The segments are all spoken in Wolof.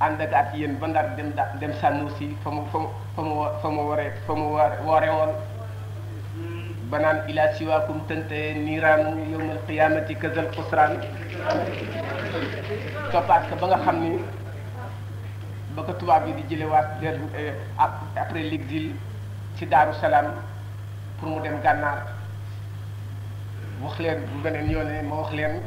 ànd ak ak yéen ba ndar dem da dem sànnuusi fa mu fa mu fa mu fa mu waree fa mu woore woon ba naan siwaakum tënte niiraanu yowmal qiyaamati kazal xusraan toppaat ko ba nga xam ni ba ko tubaab yi di jëlewaat der eh, après l'exil ci Daaru Salaam pour mu dem gànnaar wax leen bu beneen yoon ma wax leen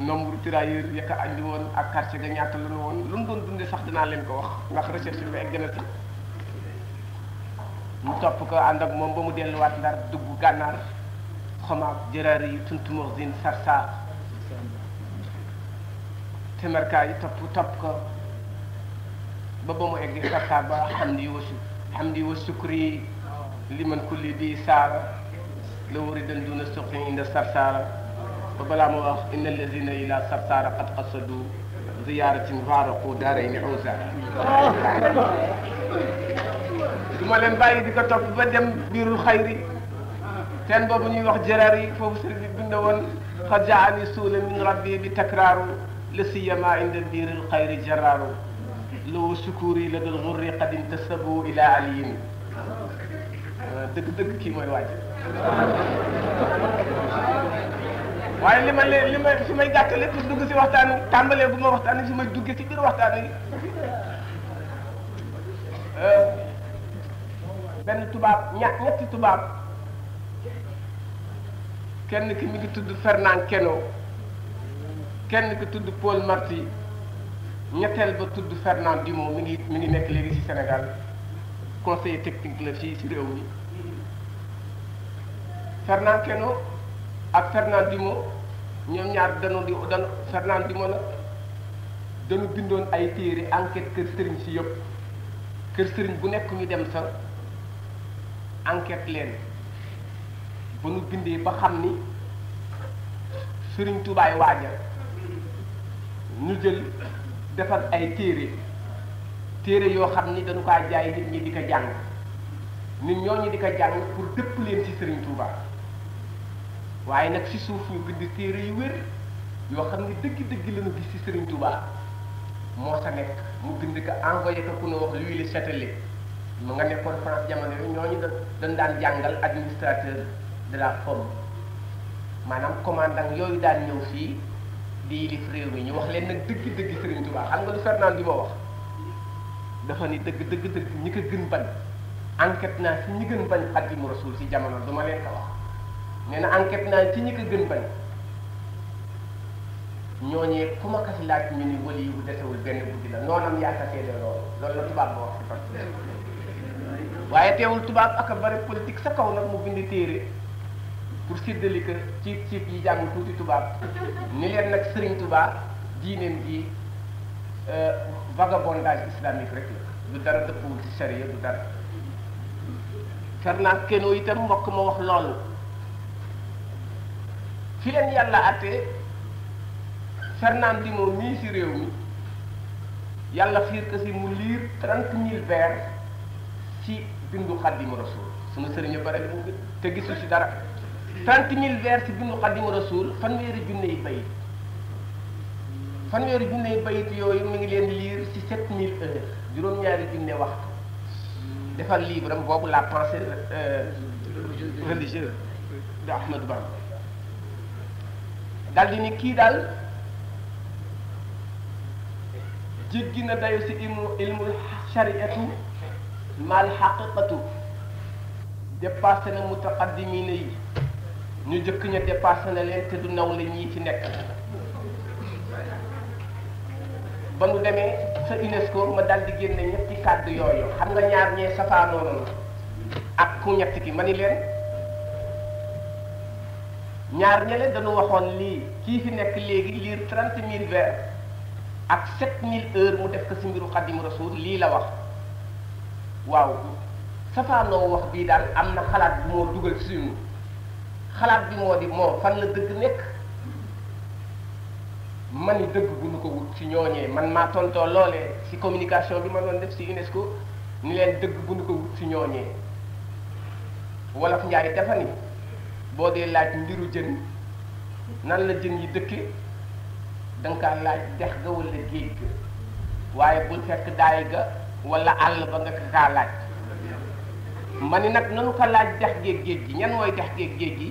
nombre tirailleurs yaka andi woon ak quartier ga ñaata la ñu woon lu mu doon dundee sax dinaa leen ko wax ndax recherche bi egg na ci mu topp ko ànd ak moom ba mu delluwaat ndar dugg gànnaar xomaak jëraar yi tuntumor din sarsaar temerka yi topp topp ko ba ba mu egg sarsaar ba xam ni wasu xam ni wa sukri liman kulli bi saara la wari dan duna suqi inda ba balaa ma wax inna allazina ila sabtaara qad qasadu ziyaaratin faaraqu daarayni usa du ma leen bàyyi di ko topp ba dem biirul xayri teen boobu ñuy wax jëraar yi foofu sëriñ bi bind woon qad jaani suula min rabbi bi takraaru la siyama inda biiril xayri jaraaru loo sukuri la dul xurri qad intasabu ila aliyin dëgg-dëgg kii mooy waaj waaye li ma leen li ma fi may gàtt lépp dugg si waxtaan wi tàmbalee bu ma waxtaan fi may duggee si biir waxtaan wi euh, benn tubaab ña- ñetti tubaab kenn ki mi ngi tudd Fernand Keno kenn ki tudd Paul Marty ñetteel ba tudd Fernand Dumont mi ngi mi ngi nekk léegi ci Sénégal conseiller technique la fii ci réew mi Fernand Keno ak Fernandinho ñoom ñaar dañu di dañu Fernandinho nag dañu bindoon ay téere enquête kër sëriñ si yëpp kër sëriñ bu nekk ñu dem sa enquête leen ba nu bindee ba xam ni sëriñ tubaay waaja ñu jël defar ay téere téere yoo xam ni dañu kaa jaay nit ñi di ko jàng nit ñooñu di ko jàng pour dëpp leen ci sëriñ Touba. waaye nag si suuf ñu bind téere yu wér yoo xam ne dëgg-dëgg lañu gis ci Sëriñ Tuubaa moo sa nekk mu bind ko envoyé ko ku ñu wax Louis Le Châtelet mu nga nekkoon France jamono yooyu ñooñu dañ daan jàngal administrateur de la forme maanaam commandant yooyu daan ñëw fii di yilif réew mi ñu wax leen nag dëgg dëgg Sëriñ Tuubaa xam nga lu Fernand di ma wax dafa ni dëgg dëgg dëgg ñi ko gën bañ enquête naa si ñi gën bañ Xaadimu Rasuul si jamono duma leen ko wax nee na enquête naa ci ñi ko gën bañ ñooñee ku ma kasi laaj ñu ni wali yu desewul benn guddi la noonam yaa ko seede loolu loolu la tubaab ba wax ci fas waaye teewul tubaab ak bari politique sa kaw nag mu bind téere pour séddali ko ciib ciib yi jàng tuuti tubaab ni leen nag sëriñ tubaab diineen gi euh, vagabondage islamique rek la du dara dëppwul ci charia du dara Fernand Queneau itam mbokk ma wax loolu fi leen yàlla àttee Fernandino mii ci réew mi yàlla fiir ko si mu liir trente mille vers ci bindu Xaadimu Rasuul suma sëriñ yu bare te gisu ci dara trente mille vers ci bindu Xaadimu Rasuul fanweeri junne yi bayit fanweeri junne yi bayit yooyu mu ngi leen di liir ci sept mille heures juróom-ñaari junne waxtu defal livre am boobu la pensée euh, religieuse de Ahmadou Bamba dal di ni kii daal jéggi na dayo si ilmu ilmul shariatu mal xaqiqatu dépassé na mutaqaddimina yi ñu jëkk ña dépassé na leen te du naw la ñii ci nekk ba mu demee sa UNESCO ma dal di génne ñetti kàddu yooyu xam nga ñaar ñee safaanoo ak ku ñett ki ma ni leen ñaar ñële dañu waxoon lii kii fi nekk léegi liir trente mille vers ak sept mille heures mu def ko si mbiru xadimu rasul lii la wax waaw safaanoo wax bii daal am na xalaat bi moo dugal suñu xalaat bi moo di moom fan la dëgg nekk man mani dëgg bu ñu ko wut ci ñooñee man maa tontoo loole ci communication bi ma doon def ci UNESCO ñu leen dëgg bu ñu ko wut ci ñooñee wolof njaay dafa ni boo dee laaj mbiru jën nan la jën yi dëkke da nga kaa laaj dex ga wala géej ga waaye bul fekk daay ga wala àll ba nga kaa laaj ma ni nag nanu ko laaj dex géej géej gi ñan mooy dex géej géej gi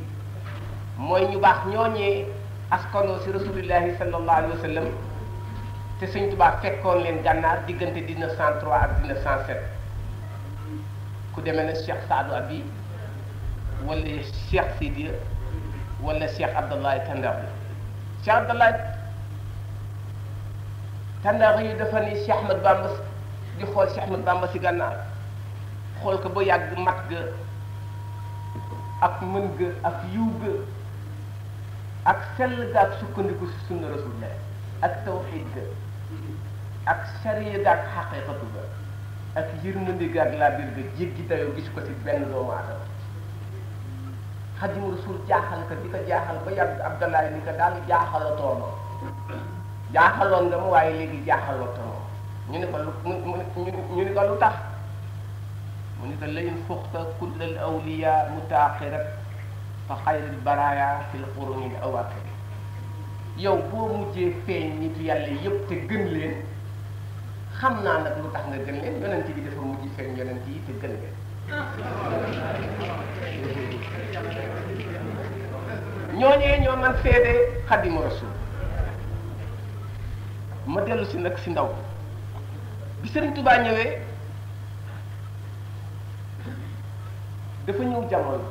mooy ñu baax ñooñee askanoo si rasulillahi sallallahu alayhi wa sallam te sëñ Tuubaa fekkoon leen gànnaar diggante 1903 ak 1907 ku demee ne Cheikh Saadu Abi wala Cheikh Sidiya wala Cheikh Abdallahi Tandaxi Cheikh Abdallahi Tandaxi yi dafa ni Cheikh Ahmad Bamba di xool Cheikh Ahmad Bamba si gànnaaw xool ko ba yàgg mat ga ak mën ga ak yiw ga ak sell ga ak sukkandiku si sunna rasulillah ak tawxiid ga ak sariya ga ak xaqiqatu ga ak yërmande ga ak laa biir ga jéggi gis ko si benn doomu aadama xadimu rasul jaaxal ka di ko jaaxal ba yàgg Abdallah ni ko daal jaaxalatoo ma jaaxaloon nga ma waaye léegi jaaxalatoo ma ñu ne ko lu ñu ni ko lu mu ni ko layin fuqta kull al awliya mutaaxirat fa xayril baraaya fil quruni al awaaxir yow boo mujjee feeñ nitu yàlla yépp te gën leen xam naa na lu tax nga gën leen yonent bi dafa mujj feeñ yonent yi te gën leen ñooñee ñoo man seede xadimu rasul ma dellu si nag si ndaw bi Sëriñ Tuubaa ñëwee dafa ñëw jamono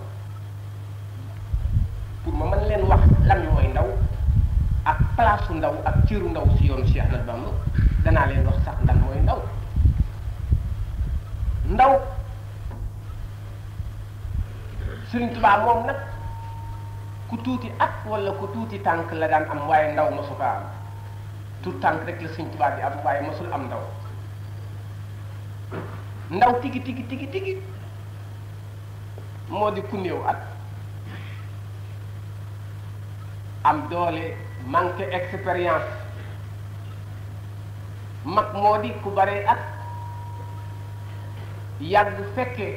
pour ma mën leen wax lan mooy ndaw ak palaasu ndaw ak cëru ndaw si yoonu Cheikh Ahmadou Bamba danaa leen wax sax lan mooy ndaw ndaw Sëriñ Tuubaa moom nag ku tuuti ak walla ku tuuti tànk la daan am waaye ndaw mosu ko am tuut tànk rek la Sëriñ Tuubaa di am waaye mosul am ndaw ndaw tigi tigi tigi tigi moo di ku néew at am doole manque expérience mag moo di ku bare at yàgg fekke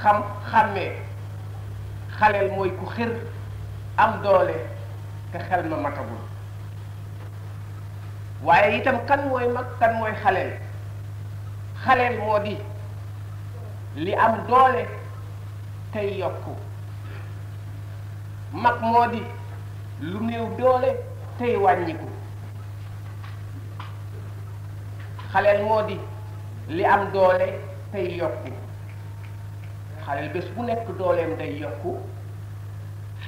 xam xàmmee xaleel mooy ku xër am doole te xel ma matagul waaye itam kan mooy mag kan mooy xaleel xaleel moo di li am doole tey yokku mag moo di lu néew doole tey wàññiku xaleel moo di li am doole tey yokku xale bés bu nekk dooleem day yokku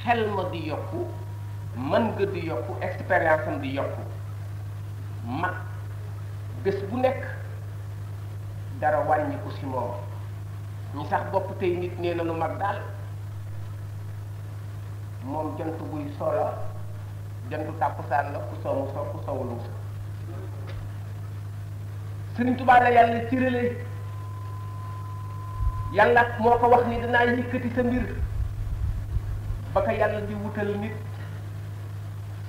xel ma di yokku man nga di yokku expérience di yokku mag bés bu nekk dara wàññiku si moom ñu sax bopp tey nit nee nañu mag daal moom jant buy soola jantu tàkkusaan la ku soo mu soo ku soowu lu sëriñ Tuubaa la yàlla cërale yàlla moo ko wax ni danaa yëkkati sa mbir ba ko yàlla di wutal nit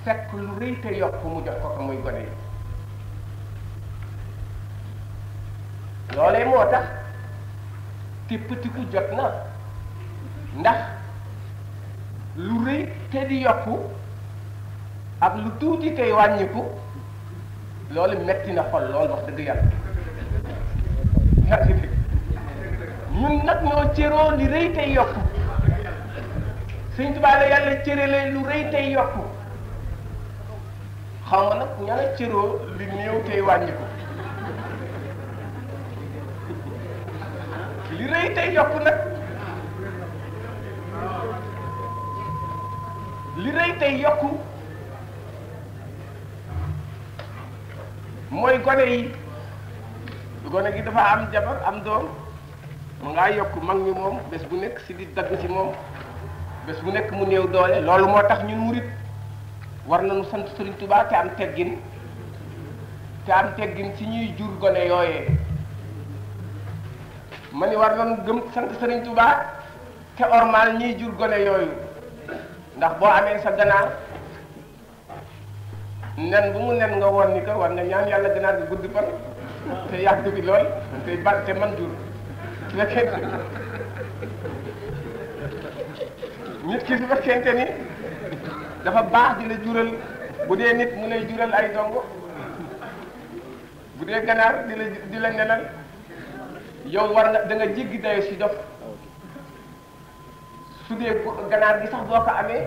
fekk lu rëy te yokk mu jox ko ko muy gone yi moo tax tippatiku jot na ndax lu rëy te di yokku ak lu tuuti tey wàññiku loolu metti na xol lool wax dëgg yàlla ñun nag ñoo cëroo li rëy tey yokku sëñ Tuubaa la yàlla cërale lu rëy tey yokku xaw ma nag ña la cëroo li néew tey wàññiku li rëy tey yokku nag li rëy tey yokku mooy gone yi gone gi dafa am jabar am doon mu ngaa yokk mag mi moom bés bu nekk si di dagg ci moom bés bu nekk mu néew doole loolu moo tax ñun mu murit war nañu sant Sëriñ Tuubaa te am teggin te am teggin ci ñuy jur gone yooyee ma ni war nañu Sëriñ Tuubaa te ormal jur gone yooyu ndax boo amee sa ganaar nen bu mu leen nga woon ni ko war na ñaan yàlla ganaar gi gudd fan te yàgg bi lool te bar te man jur la kenn nit ki su fekkente ni dafa baax di la jural bu dee nit mu lay jural ay dongo bu dee ganaar di la di la nenal yow war nga da nga jéggi dayo si dof su dee ganaar gi sax boo ko amee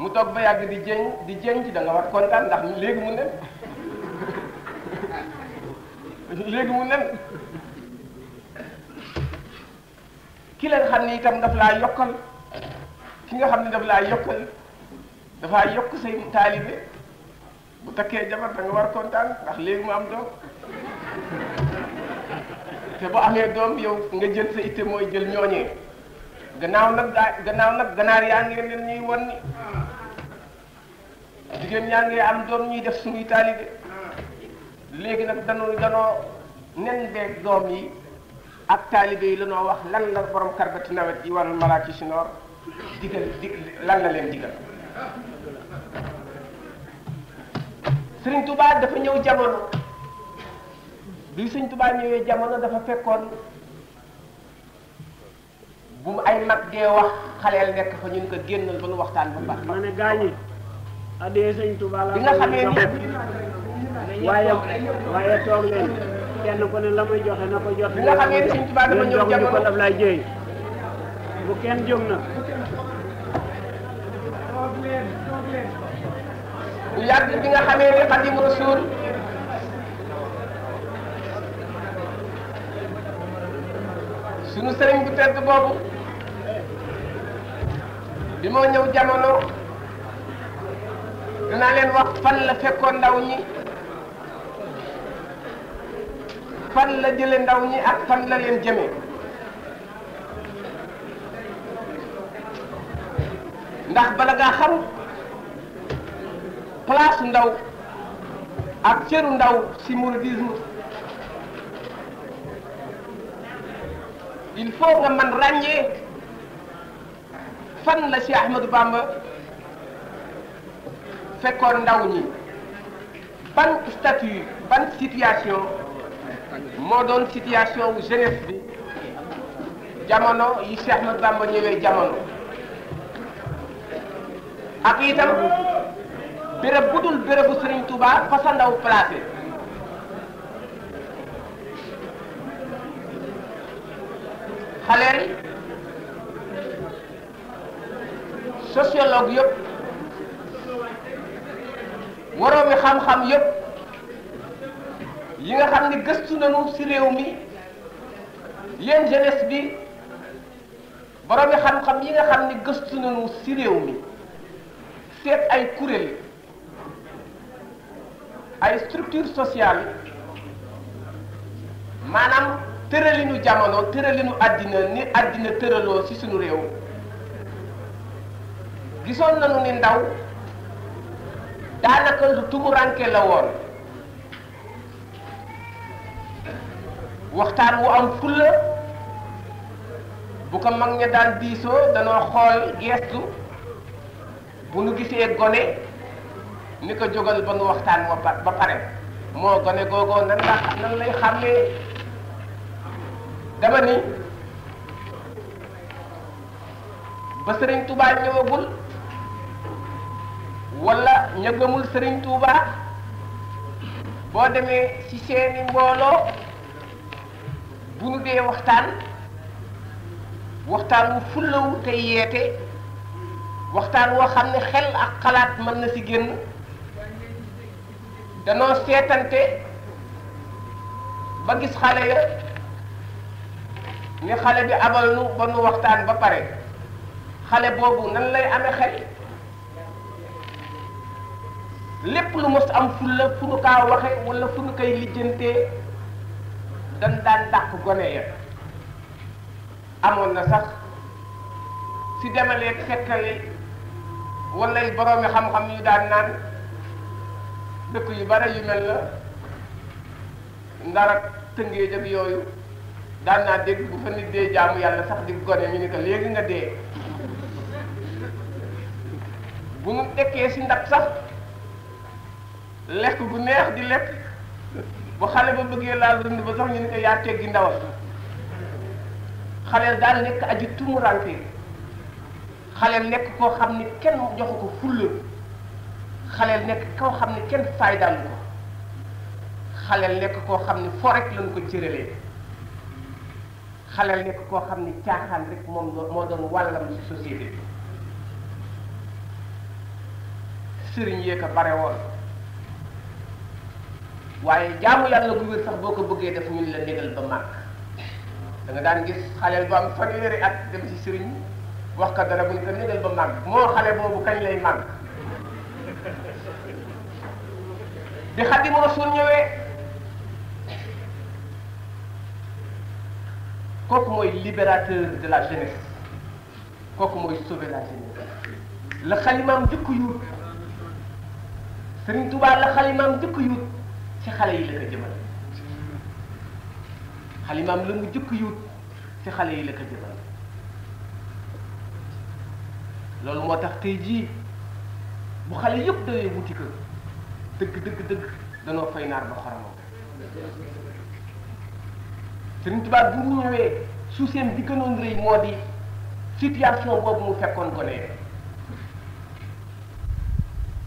mu toog ba yàgg di jéñ di jéñ ci da nga war kontaan ndax léegi mu nen léegi mu nen ki leen xam ni itam daf laa yokkal ki nga xam ne daf laa yokkal dafaa yokk say taalibe bu takkee jabar da nga war kontaan ndax léegi mu am doom te amee doom yow nga jël sa itte mooy jël ñooñee gannaaw nag gaa gannaaw ganaar yaa ngi leen ñuy won ni yaa ngi am doom ñuy def suñuy taalibe léegi nag danoo danoo nen beeg doom yi ak taalibe yi la noo wax lan la borom karbati nawet yi wàllu malaaki si noor digal di lan la leen digal sëriñ tubaa dafa ñëw jamono bi sëriñ tubaa ñëwee jamono dafa fekkoon bu mu ay mag dee wax xaleel nekk fa ñun ko génnal ba nu waxtaan bu baax ma ne gaañi adee sëriñ tubaa la bi nga xamee ne waaye waaye toog kenn ku ne la muy joxe na ko jot. bi nga xam ne Sëñ Tuubaa lay jëy bu kenn jóg na. lu yàgg ne boobu bi moo ñëw jamono dinaa leen wax fan la fekkoon ndaw ñi. fan la jële ndaw ñi ak fan la leen jëme ndax bala ngaa xam ndaw ak cëru ndaw si mouridisme il faut nga man ràññee fan la Cheikh Ahmadou Bamba fekkoon ndaw ñi ban statut ban situation moo doon situation wu jeunesse bi jamono yi Cheikh Ahmadou Bamba ñëwee jamono ak itam béréb bu dul bérébu Serigne Touba fa sa ndaw placé xale yi sociologue yëpp xam-xam yëpp. yi nga xam ne gëstu nañu ci réew mi yéen jeunesse bi borom yi xam-xam yi nga xam ne gëstu nañu ci réew mi seet ay kuréel ay structure sociale maanaam tëralinu jamono tëralinu àddina ni àddina tëraloo ci suñu réew gisoon nañu ni ndaw daanaka lu tumuranke la woon waxtaan wu am fulla bu ko mag ña daan diisoo danoo xool geestu bu nu gisee gone ni ko jógal ba nu waxtaan ba pare moo gone googoo nan la nan lay xàmmee dama ni ba sëriñ Touba ñëwagul wala ña sëriñ Touba boo demee ci seeni mbooloo bu ñu dee waxtaan waxtaan wu fullawu te yeete waxtaan woo xam ne xel ak xalaat mën na ci génn danoo seetante ba gis xale ya ni xale bi abal nu ba nu waxtaan ba pare xale boobu nan lay amee xel lépp lu mos am fulla fu nu kaa waxe wala fu nu koy lijjantee dañ daan dàq gone ya amoon na sax si demalee fekkale wala ay boroomi xam-xam yu daan naan dëkk yu bare yu mel la ndar ak yooyu daan naa dégg bu fa nit dee jaamu yàlla sax di gone ñu ni ko léegi nga dee bu mu dekkee si ndab sax lekk bu neex di lekk bu xale ba bëggee laal rënd ba sax ñu ne ko yaa teggi ndawal xaleel daal nekk aji tumuranke xaleel nekk koo xam ni kenn jox ko fulla xaleel nekk koo xam ni kenn faydaan ko xaleel nekk koo xam ne fo rek lañ ko cëralee xaleel nekk koo xam ni caaxaan rek moom moo doon wàllam ci société sëriñ yee ko bare woon waaye jaamu yàlla bu wér sax boo ko bëggee def ñun la négal ba màgg da daan gis xaleel bu am fanweeri at dem ci sëriñ wax ko dara bu ñu ko négal ba màgg moo xale boobu kañ lay màgg di xadimu rasul ñëwee kooku mooy libérateur de la jeunesse kooku mooy sauver la jeunesse la xalimaam jëkk yuut sëriñ Tuubaa la xalimaam jëkk yuut ci xale yi la ko jëmale xalimaam la mu jëkk yuut ci xale yi la ko jëmale loolu moo tax tey jii bu xale yëpp dawee wuti ko dëgg dëgg dëgg danoo fay naar ba xoromam Sëriñ Tuubaa bu mu ñëwee suuseem bi gënoon rëy moo di situation boobu mu fekkoon gone yi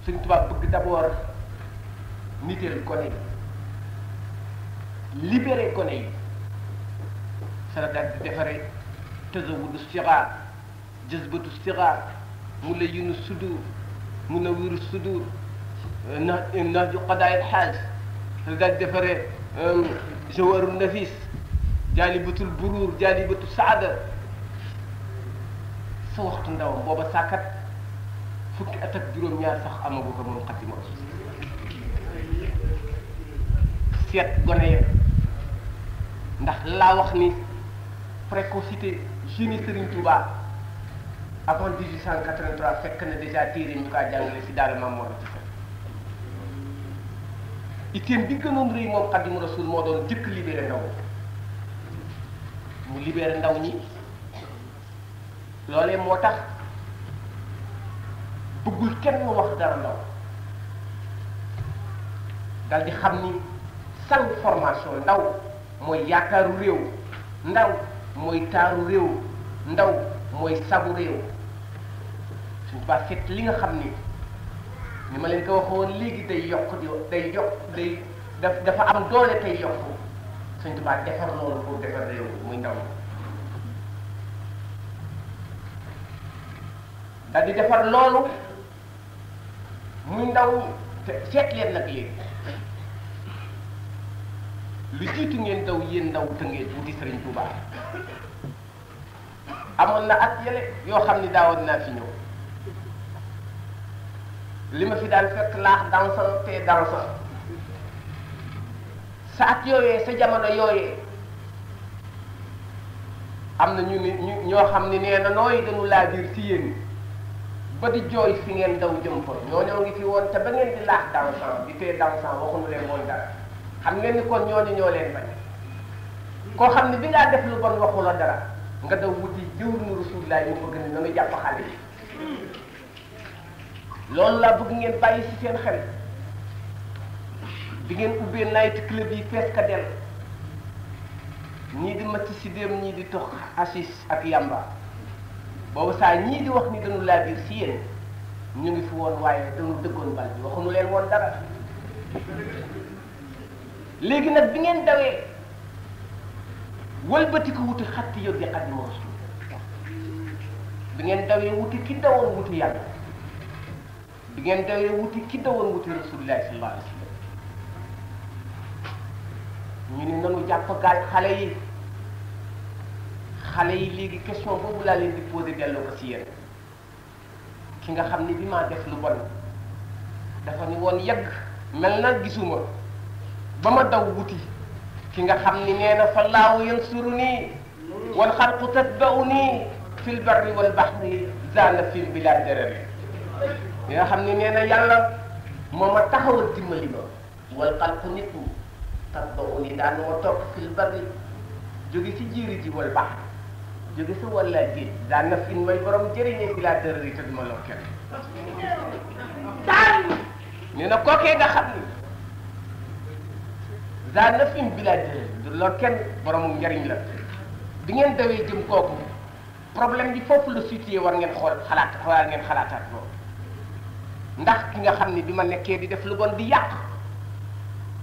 Sëriñ Tuubaa bëgg d'abord niteel gone libere gone yi sala daal di defaree tasawudu sixaar jësbatu sixaar mu la yunu sudur mu eh, na wiru sudur eh, na nax ju qadaayil xaaj sala daal di defaree eh, jawaru nafis jaalibatul buruur jaalibatu saada sa waxtu ndawam booba sàkkat fukki at ak juróom-ñaar sax amagu ko moom xadima gone ndax laa wax ni précocité jeune Serigne Touba avant 1883 fekk na déjà téere ñu kaa jàngale si daara Maam Mor Anta Sali itéem bi gënoon rëy moom Xaadimu Rasuul moo doon jëkk libéré ndaw mu libéré ndaw ñi loolee moo tax bëggul kenn mu wax dara ndaw dal di xam ni sans formation ndaw mooy yaakaaru réew ndaw mooy taaru réew ndaw mooy sabu réew suñ ba seet li nga xam ni ni ma leen ko waxoon léegi day yokk di day yokk day dafa am doole tey yokk suñ tubaab defar loolu pour defar réew muy ndaw daal di defar loolu muy ndaw te leen nag léegi lu jiitu ngeen daw yéen ndaw tëngeen wuti Serigne Touba amoon na at yële yoo xam ni daawoon naa fi ñëw li ma fi daan fekk laax dansan te dansan sa at yooyee sa jamono yooyee am na ñu ni ñu ñoo xam ni nee na nooy dañu laa biir ci yéen ba di jooy fi ngeen daw jëm fa ñoo ñoo ngi fi woon te ba ngeen di laax dansan bi te dansan waxuñu leen woon dara xam ngeen ni kon ñooñu ñoo leen bañ koo xam ne bi ngaa def lu bon waxu la dara nga daw wuti jiw nu rasulillah yi bëgg ni nanu jàpp xale loolu laa bëgg ngeen bàyyi ci seen xel bi ngeen ubbee night club yi fees del ñii di matti si dem ñii di tox asis ak yamba boobu saa ñii di wax ni dañu laa biir si yéen ñu ngi fi woon waaye dañu dëggoon bal bi waxuñu leen woon dara léegi nag bi ngeen dawee wëlbati ko wuti xatti yóbbi xaadimu rasul bi ngeen dawee wuti ki dawoon wuti yàlla bi ngeen dawee wuti ki dawoon wuti rasulillahi sallallahu alayhi wa sallam ñu ne nanu jàpp gaal xale yi xale yi léegi question boobu laa leen di posé delloo ko si yéen ki nga xam ne bi maa def lu bon dafa ni woon yàgg mel na gisuma ba ma daw wuti ki nga xam ni nee na fa laahu yansuru nii wal xalqu tatba'u nii fil barri wal baxri zaana fil bilaa darari ki nga xam ni nee na yàlla moo ma taxawal dimbali ma wal xalqu nit ñi tatba'u nii daan ma topp fil barri jóge ci jiiri ji wal baxri jóge walla géej daan na fi may borom jëriñee bilaa darari te duma lor kenn nee na kookee nga xam ni za nafin bila du loolu kenn boroomu njariñ la bi ngeen dawee jëm kooku problème bi foofu la situé war ngeen xool xalaat war ngeen xalaataat loolu ndax ki nga xam ne bi ma nekkee di def lu bon di yàq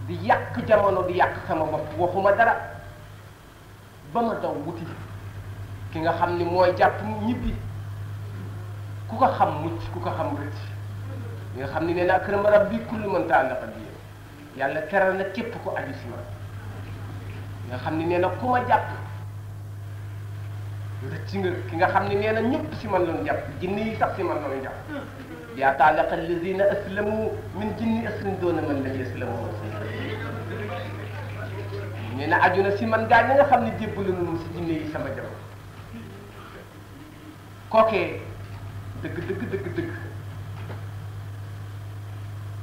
di yàq jamono di yàq sama bopp waxuma dara ba ma daw wuti ki nga xam ni mooy jàpp ñibbi ku ko xam mucc ku ko xam rëcc nga xam ni nee na akram rabbi kullu man taalaqa bi yàlla tere na képp ko aju si man nga xam ne nee na ku jàpp rëcc nga ki nga xam ne nee na ñëpp si man loon jàpp jinne yi sax si man lañu jàpp yaa taaliqa alladina aslamu min jinni asrin doona man la yaslamu nee na aju na si man gaa nga xam ne jébbalu nañu si jinne yi sama jabo kookee dëgg dëgg dëgg dëgg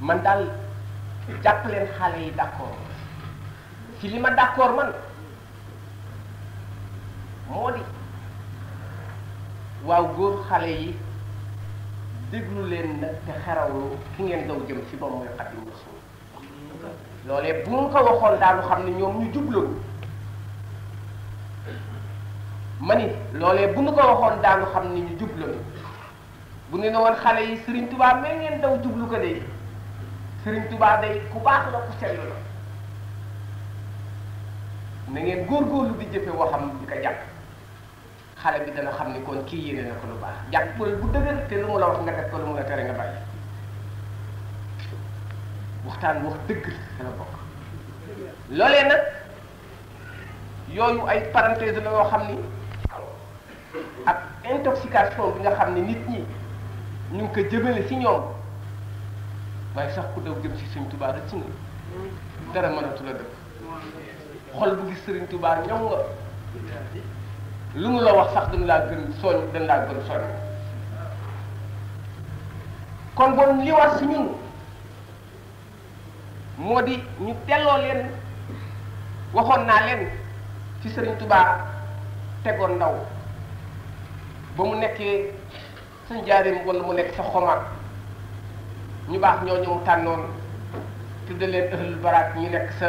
man daal jàpp leen xale yi d'accord ci li ma d'accord man moo di waaw góor xale yi déglu leen nag te xerawlu ki ngeen daw jëm ci moom mooy Xaadimu Rasuul loolee bu mu ko waxoon daanu xam ne ñoom ñu jubloon ma ni loolee bu nu ko waxoon daanu xam ne ñu jubloon bu ne ne woon xale yi Sëriñ tubaab mais ngeen daw jublu ko de Sëriñ Tuubaa day ku baax na ku sell la na ngeen góorgóorlu di jëfe waxam di ko jàpp xale bi dana xam ni kon kii yéene na ko lu baax jàpp ko bu dëgër te wax nga def ko lu mu la tere nga bàyyi waxtaan nag yooyu ay parenthèse la yoo xam ni ak intoxication bi nga xam ne nit ñi ñu ngi ko jëmale ci ñoom waaye sax ku daw jëm si sëñ Tuubaa rëcc nga dara mënatu la xol bu sëriñ Tuubaa ñëw lu mu la wax sax dañ laa gën soñ dañ laa gën soñ kon bon li war si ñun moo di ñu delloo leen waxoon naa leen ci sëriñ Tuubaa tegoon ndaw ba mu nekkee sa njaarim wala mu nekk sa xomaat ñu baax ñoo ñëw tànnoon tudde leen ëhlul baraat ñi nekk sa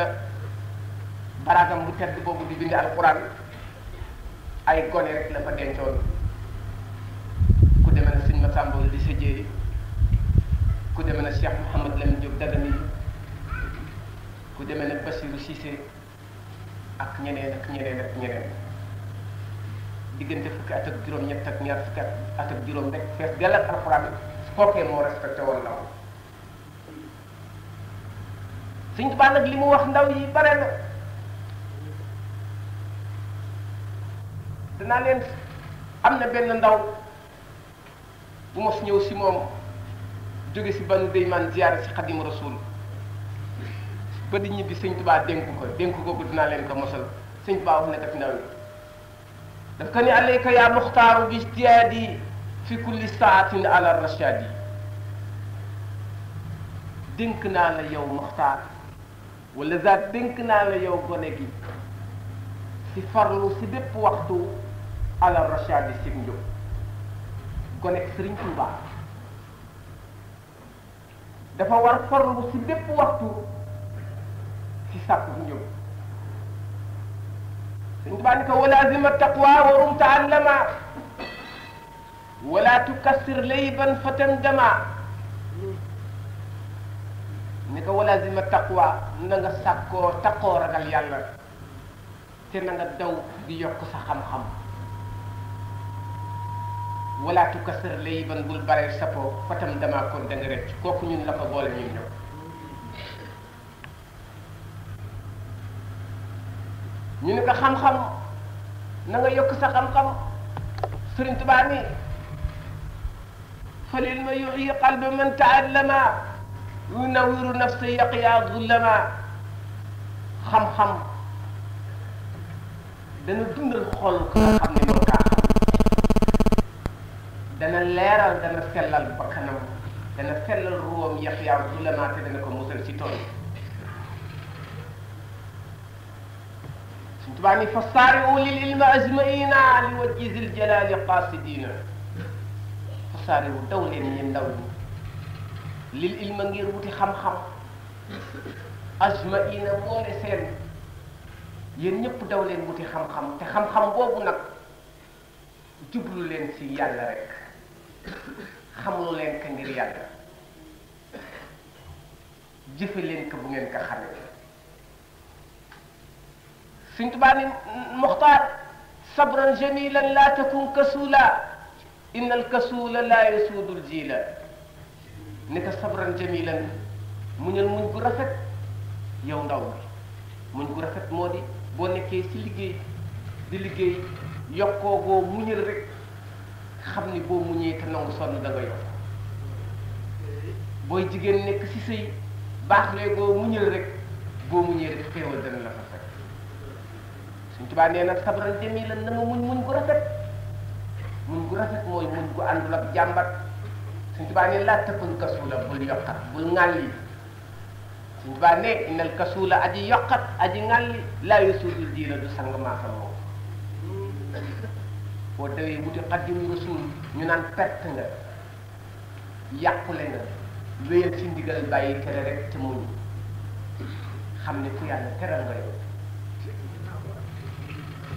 baraagam bu tedd boobu di bind alquran ay gone rek la fa dencoon ku deme na sëñ Masamba di sa jéeri ku deme na Cheikh Mouhamad Lamine Diop Dadami ku demee na Bassirou Cissé ak ñeneen ak ñeneen ak ñeneen diggante fukki at ak juróom-ñett ak ñaar fukki at ak juróom rek fees dell alxuraan kookee moo respecté woon la Sëñ Tuubaa nag li mu wax ndaw yi bare na danaa leen am na benn ndaw bu mos ñëw si moom jóge si banu deymaan ziyaare si xadimu rasul ba di ñibbi Sëñ Tuubaa dénku ko dénku ko ko dinaa leen ko mosal Sëñ Tuubaa wax na ko ci ndaw yi daf ko ni alayka yaa muxtaaru bi ijtihaadi fi kulli saatin ala rashadi dénk naa la yow muxtaar wala za dénk naa la yow gone gi ci farlu ci waxtu alal rachad di sim njub gone Sëriñ Tuuba dafa war farlu ci bépp waxtu ci sàkku njub Sëriñ Tuuba ni ko walaazima taqwa warum taallama wala tukassir layban fatandama ni ko walazima taqwa na nga sàkkoo taqoo ragal yàlla te na daw di yokk xam-xam wala tukasar layban bul bare sappo fatam damaa kon da nga rëcc ñun la ko boole ñun ñëw ñu ne ko xam-xam na nga xam-xam Sëriñ Tuubaa ni falil ma yuxyi qalba man taallama yu nawiru nafsi yaqiya zulama xam-xam dana dundal xol ki xam ne moom dana leeral dana sellal bakkanam dana sellal ruwam yaqiya zulama te dana ko ci tooñ suñ tubaab ni fa saariu lil ilmi ajmaina li wajjizil jalali qasidina fa saariu daw leen ñi ndaw ñi lil ilma ngir wuti xam-xam ajma ina boole seen yéen ñëpp daw leen wuti xam-xam te xam-xam boobu nag jublu leen ci yàlla rek xamlu leen ka ngir yàlla jëfe leen ka bu ngeen ko xamee Sëñ Tuubaa ni Muxtaar sabran jamilan laa takun kasula inna alkasula laa yasuudul jiila ne ko sabran jamilan muñal muñ gu rafet yow ndaw bi muñ gu rafet moo di boo nekkee ci liggéey di liggéey yokkoo boo muñal rek xam ni boo muñee te nangu sonn da booy jigéen nekk ci sëy baax lee boo muñal rek boo muñee rek xéewal dana la fa fekk suñ tubaab nee nag sabran jamilan na nga muñ muñ gu rafet muñ gu rafet mooy muñ gu àndul ak jàmbat suñ tubaa ne laa tëkkun kasuula bul yokkat bul ŋàlli suñ tubaa ne innal kasuula aji yokkat aji ŋàlli laa yusuudul diina du sang maasa moom boo dawee wuti xaddim rasul ñu naan perte nga yàqule nga wéyal ci ndigal bàyyi tere rek te muñ xam ne ku yàlla nga yow suñ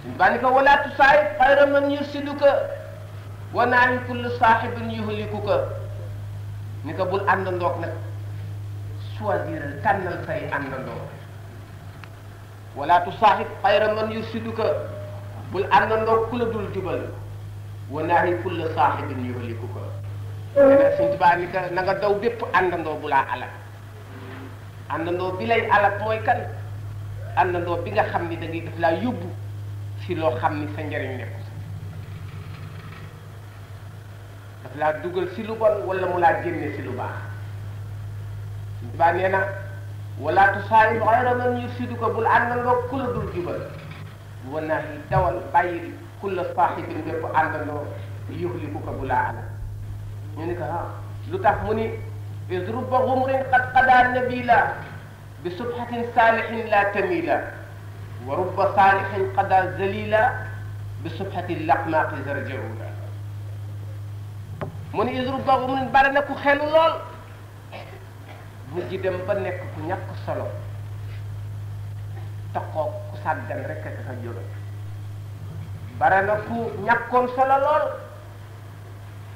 tubaa ne ko wala tusaahib xayra man yursiduka wa naan kullu saaxibin yuhlikuka ni ko bul àndandoog nag choisiral tànnal say àndandoo wala tu saaxib xayra man yursiduka bul àndandoog ku la dul jubal wa naahi kulla saaxibin yuhlikuka dana suñ tubaa ni na nga daw bépp àndandoo bu laa alal àndandoo bi lay alal mooy kan àndandoo bi nga xam ni da ngay laa yóbbu si loo xam ni sa njariñ nekk daf laa dugal si lu bon wala mu laa génne si lu baax suñ tubaa nee na wala tusaahib xayra man yufsiduka bul àndandoo ku la dul jubal bu wanaax yi dawal bàyyi kulla saahibin bépp àndandoo yuxlikuka bu laa ala ñu ni ko ah lu tax mu ni is rubba xumrin qad qadaa nabila bi subhatin saalihin la tamila wa rubba saalihin qadaa zalila bi subhati laqmaaqi zarjaula mu ne isru boobu mu ne bare na ku xelu lool mujj dem ba nekk ku ñàkk solo taxoo ku sàggan rek a ka jóge bare na ku ñàkkoon solo lool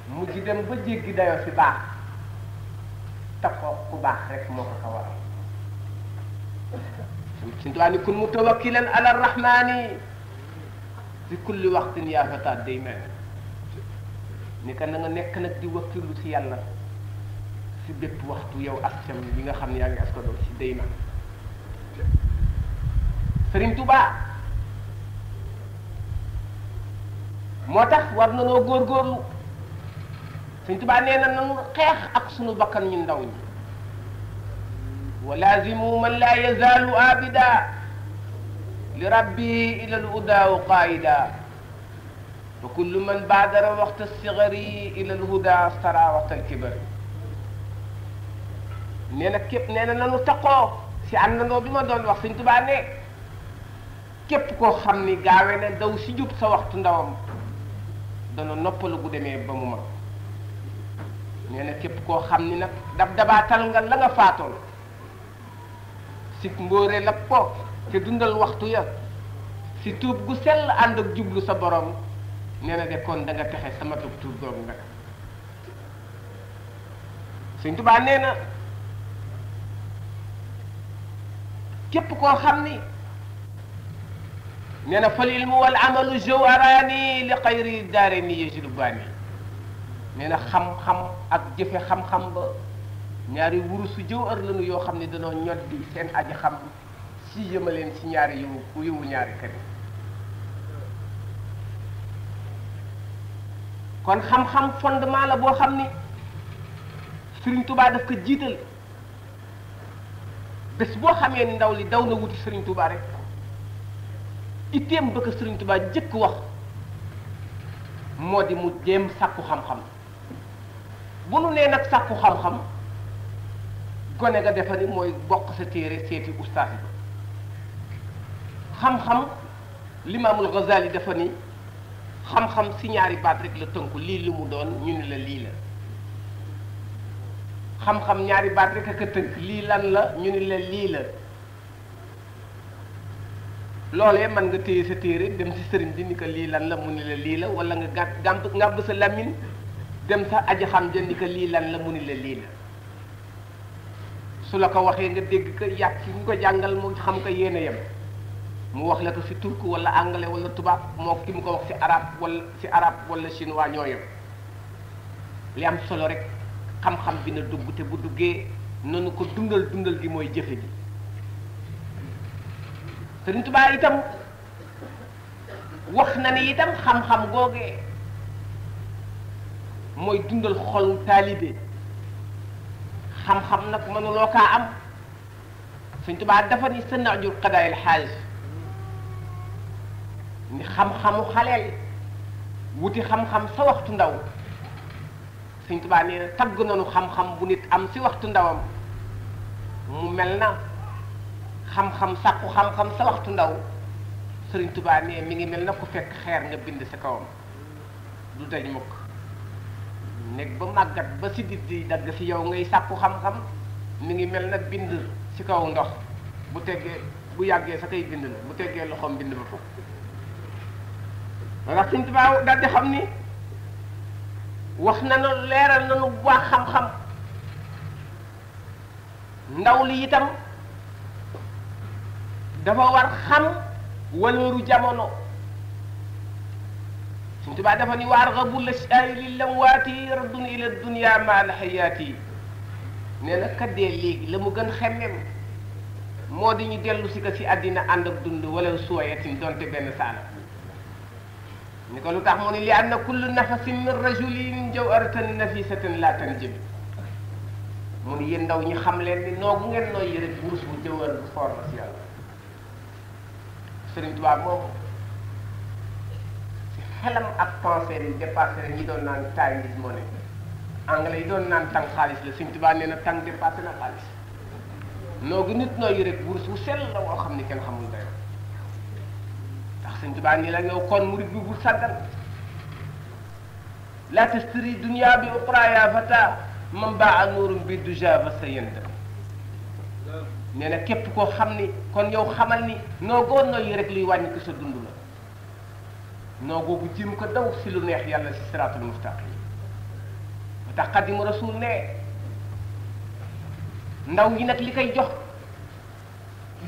mujj dem ba jéggi dayoo ci baax taxoo ku baax rek moo ko ko waral ci ndoxani kun mutawakkilan ala rahmani fi kulli waxtin yaa fataat day ni kan na nga nekk nag di wakkilu ci yàlla ci bépp waxtu yow ak cam yi nga xam ne yaa ngi aska doon ci day na Sëriñ moo tax war na noo góorgóorlu Sëriñ Tuubaa ne na nanu xeex ak sunu bakkan ñu ndaw ñi wa laazimu man laa yazaalu abida li rabbi ilal udaa qaida wa kullu man baadara waxta sigari ila alhuda stara waxta alkibari nee na képp nee na nanu taqoo si àndandoo bi ma doon wax Sëñ Tuubaa ne képp koo xam ni gaawe na daw si jub sa waxtu ndawam dana noppalu bu demee ba mu ma nee na képp koo xam ni nag dab dabaatal nga la nga faatoon sik mbóore lab dundal waxtu ya si tuub gu sell ànd ak jublu sa boroom nee na de kon da nga texe sama tub tur googu nga Sëñ Tuubaa nee na képp koo xam ni nee na fal ilmu wal amalu jawaraani li xayri daare ni yejlubaani nee na xam-xam ak jëfe xam-xam ba ñaari wurusu jëw ër lanu yoo xam ne danoo ñoddi seen aji xam si yëmaleen si ñaari yiwu yiwu ñaari kër kon xam-xam fondement la boo xam ni Serigne tubaa daf ko jiital bés boo xamee ni ndaw li daw na wuti Serigne Touba rek itteem ba ko tubaa Touba jëkk wax moo di mu jéem sàkku xam-xam bu nu nee nag sàkku xam-xam gone nga defa ni mooy bokk sa téere seeti ustaas yi xam-xam limaamul Ghazali dafa ni xam-xam si ñaari baat rek la tënku lii li mu doon ñu ni la lii la xam-xam ñaari baat rek a tënk lii lan la ñu ni la lii la loolee mën nga téye sa téere dem si sëriñ bi ko lii lan la mu ni la lii la wala nga gàtt gàmb ngàbb sa lamin dem sa aji xam ja ko lii lan la mu ni la lii la su la ko waxee nga dégg ko yàgg ci ñu ko jàngal mu xam ko yéen a yem mu wax la ko si turk wala anglais wala tubaab moo ki mu ko wax si arab wala si arab wala chinois ñoo yem li am solo rek xam-xam bi na dugg te bu duggee noonu ko dundal dundal gi mooy jëfe bi Sëriñ Tuubaa itam wax na ni itam xam-xam googee mooy dundal xolu taalibe xam-xam nag mënuloo kaa am Sëriñ Tuubaa dafa ni sa naajul xadaayil xaalis ni xam-xamu xaleel wuti xam-xam sa waxtu ndaw Sëñ Tuubaa nee na tagg nanu xam-xam bu nit am si waxtu ndawam mu mel na xam-xam sàkku xam-xam sa waxtu ndaw Sëriñ Tuubaa nee mi ngi mel na ku fekk xeer nga bind si kawam du dañ mukk nekk ba màggat ba si dit di dagg ci yow ngay sàkku xam-xam mi ngi mel na bind si kaw ndox bu tegee bu yàggee sa kay bind la bu tegee loxoom bind ba foofu ndax Sëñ Tuubaa daal di xam ni wax na nu leeral na nu bu baax xam-xam ndaw li itam dafa war xam waleeru jamono Sëñ Tuubaa dafa ni waar rabu la saayili lamwaati raddun ila dunia maa la xayaati nee na kaddee léegi la mu gën xemmem moo di ñu dellu si ko si àddina ànd ak dund wala suwayatin donte benn saala ni ko lu tax mu ni li anna kullu nafasin min rajulin jawharatan nafisatan la tanjib mu ni yéen ndaw ñi xam leen ni noogu ngeen nooy yëre buus bu jëwar bu for la si yàlla Sëriñ Tuubaa moom si xelam ak pensée yi doon naan time is money anglais yi doon naan tàng xaalis la Sëriñ Tuubaa nee na tàng dépassé na xaalis noogu nit nooy yëre buus bu sell la woo xam ni kenn xamul dayo sëñ Tuubaa ni la yow kon murid bi bul sàggan la tastari dunya bi uxraa yaa fata man baa nuurum bi du java sa ne nee na képp koo xam ni kon yow xamal ni noo goon noo yi rek luy wàññi ko sa dund la noo googu ko daw si lu neex yàlla si siraatul mustaqim ba tax xadimu rasul ne ndaw yi nag li koy jox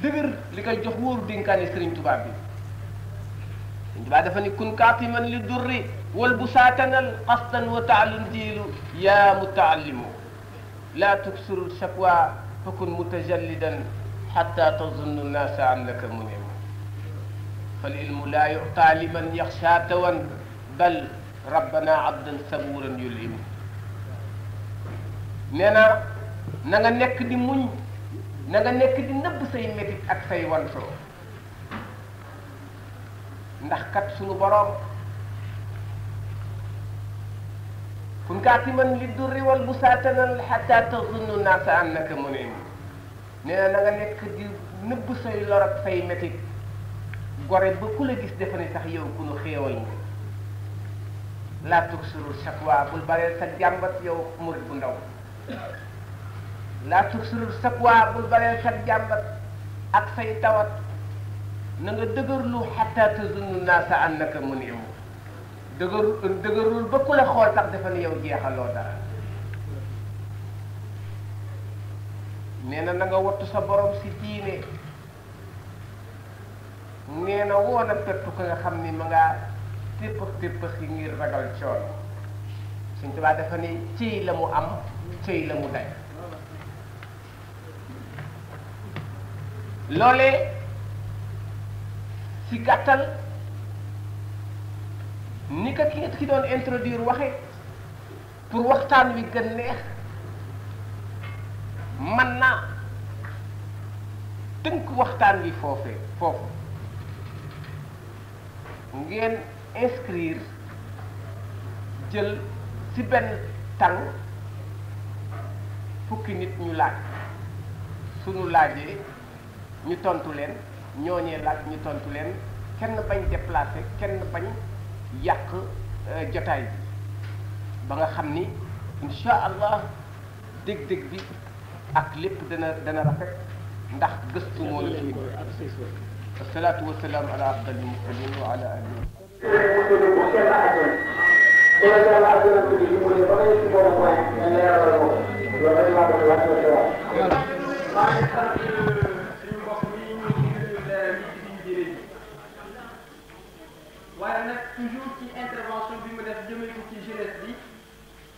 dëgër li koy jox wóoru dénkaane sëriñ Tuubaa bi Tuubaa dafa ni kun kaatiman li durri wal bu saatanal qasdan wa taalun diilu yaa mutaallimu laa tuksuru shakwa fakun mutajallidan xatta tazunnu naasa annaka munimu fal ilmu laa yutaa liman yaxsha tawan bal rabbana abdan saburan yulimu nee na na nga nekk di muñ na nga nekk di nëbb say métit ak say wansoo ndax kat sunu boroom kun kaatiman li durri wal busaatanal xataa tazunnu naasa annaka munim nee na na nga nekk di nëbb say lor ak say metit gore ba ku la gis defe yow ku nu xéewal nga laa tuksiru sakwa bul bareel sa jàmbat yow murit bu ndaw laa tuksiru sakwa bul bareel sa jàmbat ak say tawat na nga dëgërlu xataa tazunnu naasa annaka munimu dëgër dëgërul ba ku la xool sax dafa ne yow jeexaloo dara nee na na nga wattu sa borom si diine nee na woon a pettu ko nga xam ni ma ngaa téppax téppax yi ngir ragal coono suñ tubaab dafa ne cëy la mu am cëy la mu day loolee ci gàttal ni ko ki ki doon introduire waxe pour waxtaan wi gën neex man naa tënk waxtaan wi foofee foofu ngeen inscrire jël ci benn tàng fukki nit ñu laaj suñu laajee ñu tontu leen ñooñee laaj ñu tontu leen kenn bañ déplacé kenn pañ yàq euh, jotaay ba nga xam ni incha allah dég-dég bi ak lépp dana dana rafet ndax gëstu moo la ci asalaatu waaye nag toujours ci intervention bi ma def jëmee ku ci jeunesse bi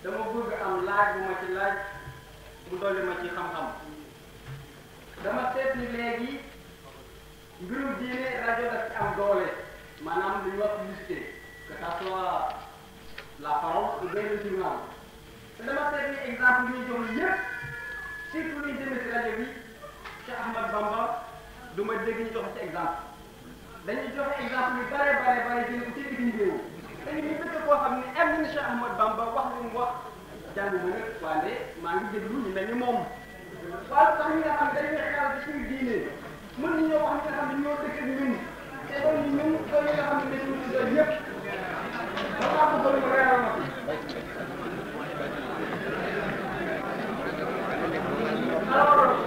dama bëgg am laaj bu ma ci laaj mu dolli ma ci xam-xam dama seet ni léegi mbirum diine rajo daf ci am doole maanaam lu ñuy wax publicité que la parole ou bien le journal te dama seet ni exemple yi ñuy jox yëpp surtout liy jëmee si rajo bi Cheikh Ahmad Bamba du ma dégg jox ci exemple. dañuy joxe exemple yu bare bare bare jële ko ci bitim réew dañu ñu dëkk koo ne am na Cheikh Ahmad Bamba wax li mu wax jàng ma nag waande maa ngi déglu ni moom waaye sax ñi nga xam dañuy xaar ci suñu diine mën na ñoo wax ñi nga xam ne ñoo dëkk ak ñun te doon ñu ñun doon ñi nga xam ne dañu ñu doon ñëpp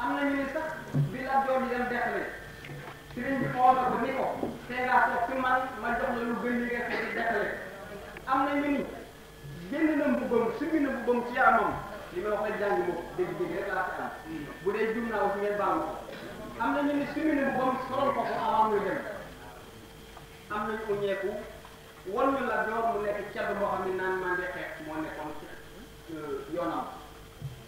am nañu ne sax bi la joor yi moo tax ba ni ko tey laa toog man ma jox la lu gën li nga xam ne deqale am nañu ni génn na mbubbam summi na ci yaramam li may wax rek jàng moom dégg-dégg rek laa ci am bu dee jum naa wax ngeen baal ko am nañu ni summi na mbubbam solol ko ko avant muy dem am nañu uñeeku wan la joor mu nekk cedd moo xam ne naan man de xeex moo nekkoon euh,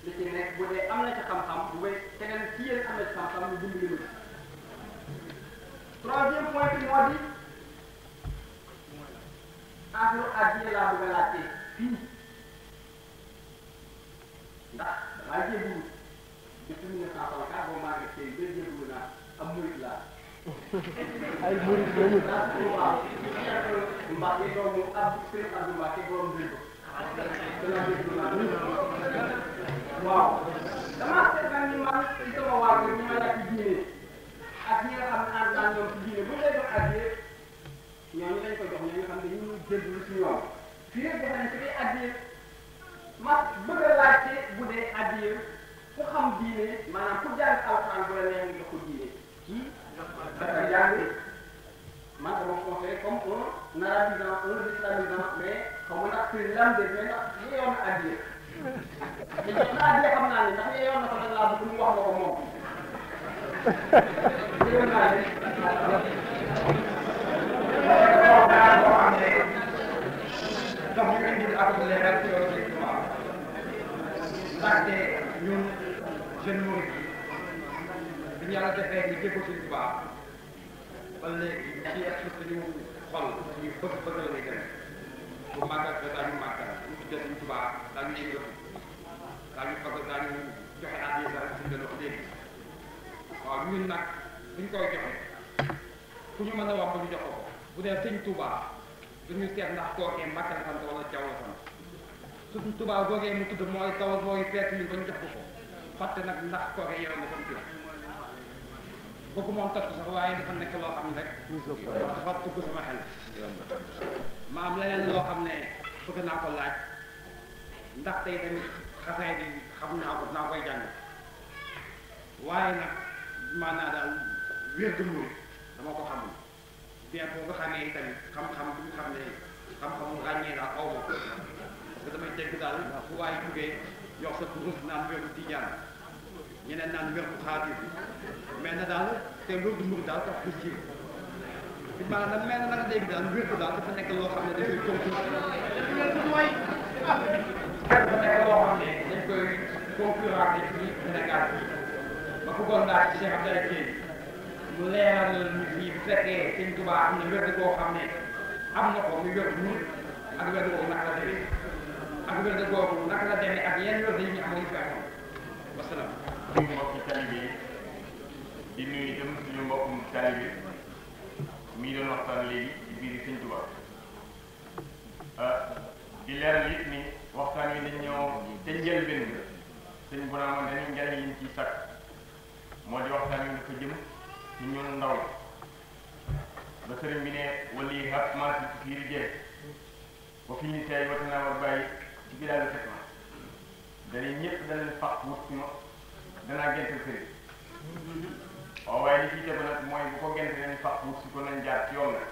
ki ci nekk bu dee am na ci xam-xam bu bay keneen ci yéen am na ci xam-xam ñu bind leen troisième point bi moo di affaire addiya laa bëgg a laajte fii ndax damaa jéggiwul depuis mille neuf cent soixante boo maa ngi tey jël jéggiwu naa am murit laa ay murit lañu waaw Mbacke doomu ab Sëriñ Abdou Mbacke borom dëgg waaw damaa seetlu ni man ci sama waa kër ñi ma yàgg diine ak ñi nga xam ne ànd naa ñoom ci diine bu ñu lay jox addiya ñooñu dañ ko jox ñooñu xam ne ñu jébbalu ci ñoom fii rek jox nañ ci ay addiya ma bëgg a laajte bu dee addiya ku xam diine maanaam ku jàng alxuraan bu la neex nga jox ko diine kii dafa jàng man dama ko conseillé comme un arabisant un islamisant mais xaw ma nag sëriñ lan de mais ndax li yoon addiya li ñu def laaj xam naa ne ndax yow na ko nag laa bëgg mu wax la ko moom. ndax ñu indi ak leeral ci yow ci Tuubaa ndaxte ñun jeune murid bi ñu yàlla defee ñu jéego ci Tuubaa ba léegi ci ak suñu xol suñu bëgg-bëgg la ñu gën bu màggal ba daañu màggal bu ñu tuddee suñu Tuubaa daañu daañu fagg daañu joxe at yi dara ci leen wax léegi waaw ñun nag buñ koy joxe ku ñu mën a wax ñu jox ko bu dee sëñ Touba duñu seet ndax kookee Mbàkke la sant wala Jaw la sant suñ Touba googee mu tudd mooy taw mooy seet ñu bañ jox ko ko fàtte nag ndax kookee yow na comme ci boobu moom tas sax waaye dafa nekk loo xam ne rek dafa tugg sama xel ma am leneen loo xam ne bëgg naa ko xasaay bi xam naa ko dinaa koy jàng waaye nag maanaam daal wér gu dama ko xamul bien boo ko xamee tamit xam-xam bi nga xam ne xam-xamu ràññee daal aw ma parce que damay dégg daal fu waay jugee yokk sa kurus naan wér gu tijaan ñeneen naan wér gu xaadir mais daal te wér gu mu daal tax du jiw. bi maanaam mel na nag dégg daal wér daal dafa nekk loo xam ne dafay góorgóorlu. perte nekk boo xam ne dañ koy concurrence fii Sénégal ba bëggoon naa ci Cheikh Abdoulaye Dièye mu leeral ñu fii bu fekkee Sëñ Tuubaa am na wérd boo xam ne am na ko mu wérd ñun ak wérd boobu naka la demee ak wérd boobu naka la demee ak yenn wérd yi ñu amoon fi amoon wasalaam. di nuyu mbokki taalibe di nuyu itam suñu mbokkum taalibe mi doon waxtaan léegi ci biir Sëñ Tuubaa di leeral it ni. waxtaan wi dañ ñëw te njëlbéen bi sëñ bu naa man dañu njariñ yiñ ciy sakk moo di waxtaan wi dafa jëm ci ñun ndaw ba sëriñ bi ne wali ha maasi ci fiiri jeex ba fi ñu tey wata naa war bàyyi ci bilaal fekk ma dañuy ñëpp danañ fax wut ci ma danaa gental sëriñ waaw waaye li ciy tegu nag mooy bu ko gent dañ fax wut si ko nañ jaar ci yoon la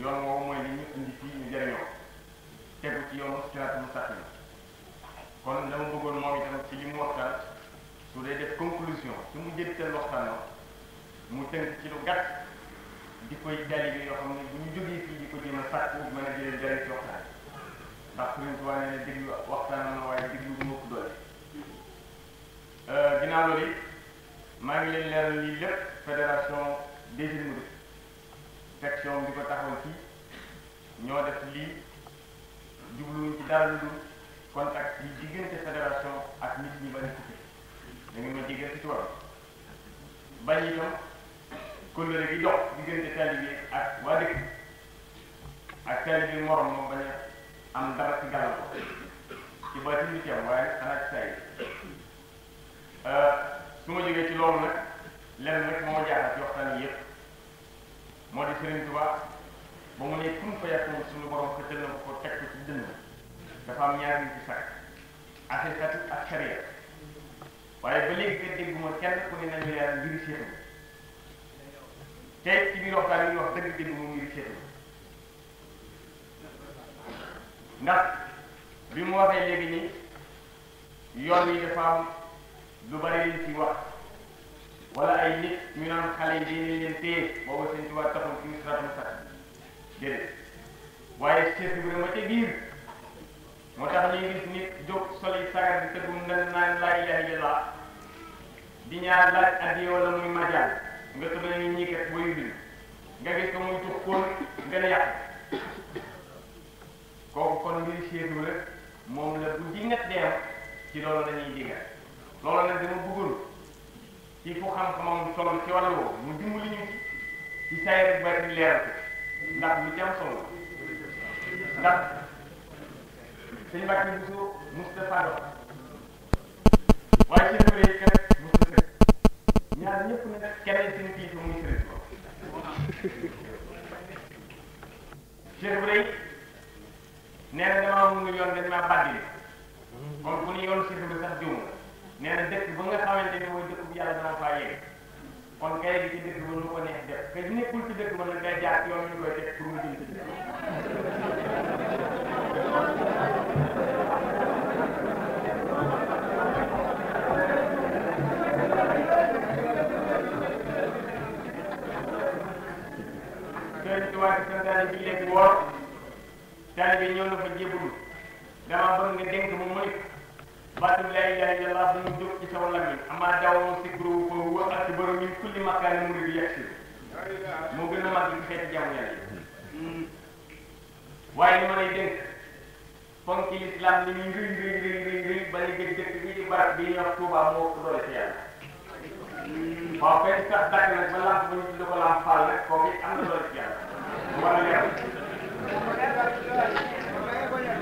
yoon woowu mooy li indi fii ñu jëriñoo tegu ci yoonu siraatal mustaqim kon dama bëggoon moom itam ci li mu waxtaan su dee def conclusion su mu jëttal waxtaan mu tënk ci lu gàtt di koy dalil yoo xam ne bu ñu jógee fii di ko jéem a sàkku mën a jëlee njëriñ ci waxtaan ndax Sëriñ Tuubaa nee na déglu waxtaanam waaye déglu bu ma ko doole euh, ginnaaw loolu it maa ngi leen leeral lii lépp fédération des section bi ko taxaw fii ñoo def lii jubluwuñ ci dara lu contact yi diggante fédération ak nit ñi bañ coupé da ngeen ma jéggal ci tubaab bañ itam kóllëre gi dox diggante taalibe ak waa dëkk ak taalibe morom moom bañ a am dara ci gàllankoor ci baatin bi ci am waaye xanaa ci euh, su ma jógee ci loolu nag lenn rek moo jaaxal ci waxtaan yi yëpp moo di Serigne Touba. ba mu ne kun fa yàkkoon suñu borom xëccal na ko teg ko ci dafa am ñaar yu ci sàkk aqiqatu ak sharia waaye ba léegi nga dégguma kenn ku ne nañu leeral mbiri seex mi tey ci biir waxtaan yi wax dëgg dégguma mbiri seex mi ndax bi mu waxee léegi nii yoon yi dafa am lu bari liñ ci wax wala ay nit ñu naan xale yi dañu leen téye boobu seen tubaab taxul ci siraat mustaqim déedéet waaye Cheikh Ibrahima ca biir moo tax ñuy gis nit jóg soli sagar bi tëggum nga naan laa ilaha di ñaar laaj addiya wala muy majaan nga tëdd ñu ñi kat booy bi nga gis ko muy tux koon gën a yàq kooku kon mbiri Cheikh Ibrahima moom la bu dingat dee ci loolu la ñuy digal loolu nag dama bëggoon ci fu xam-xamam solo ci wàllu mu dimbali ñu ci ci saa yi rek ba leeral ndax lu ci am solo ndax sëñ Mbacke Bousso Moustapha Lo barab bii ñuy wax Touba moo ëpp doole ci yàlla waaw fay tax dàkk nag ba lamp ba ñu tudd ko lamp Fall nag kooku it am na doole ci yàlla wala leer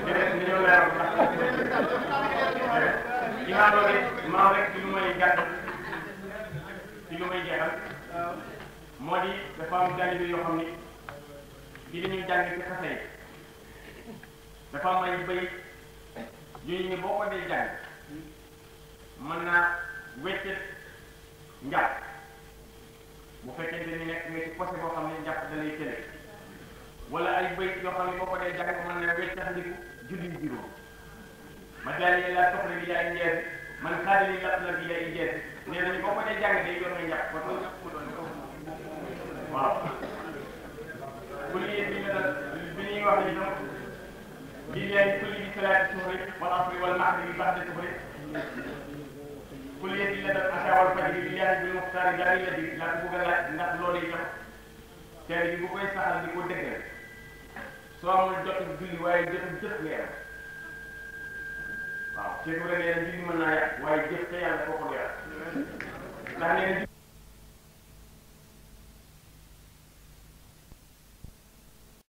déedéet ñu ñëw leer ndax ci maa doole maam rek ci lu may gàtt ci lu may jeexal moo di dafa am jàngi yoo xam ni ci li ñuy jàng ci xase yi dafa am ay bay yooyu ñu boo ko dee jàng mën na wéccet njàpp bu fekkee dañu nekk nga ci posé boo xam ne njàpp da lay tële wala ay bëy yoo ko dee jàng mën na wéccax ndiku julli juróom ma daal yi laa soxla bi yaay njeex man xaar yi laa soxla bi yaay njeex ko dee jàng day yor nga njàpp ba toog waaw kulli bi ñu bi ñuy wax ni tam di leen kulli bi salaati suhri wal asri wal maxribi baxda suhri kulli yëpp yi la def asaawal fajri bi yaay bi muxtaar daal la di la ko bëgg a laaj ndax loolu itam teel bi bu koy saxal di ko dëggal soo amul jotu julli waaye jotu jëf nga yàlla waaw ceeb bi rek nee na julli mën naa yàq waaye jëf te yàlla foofu la yàq ndax nee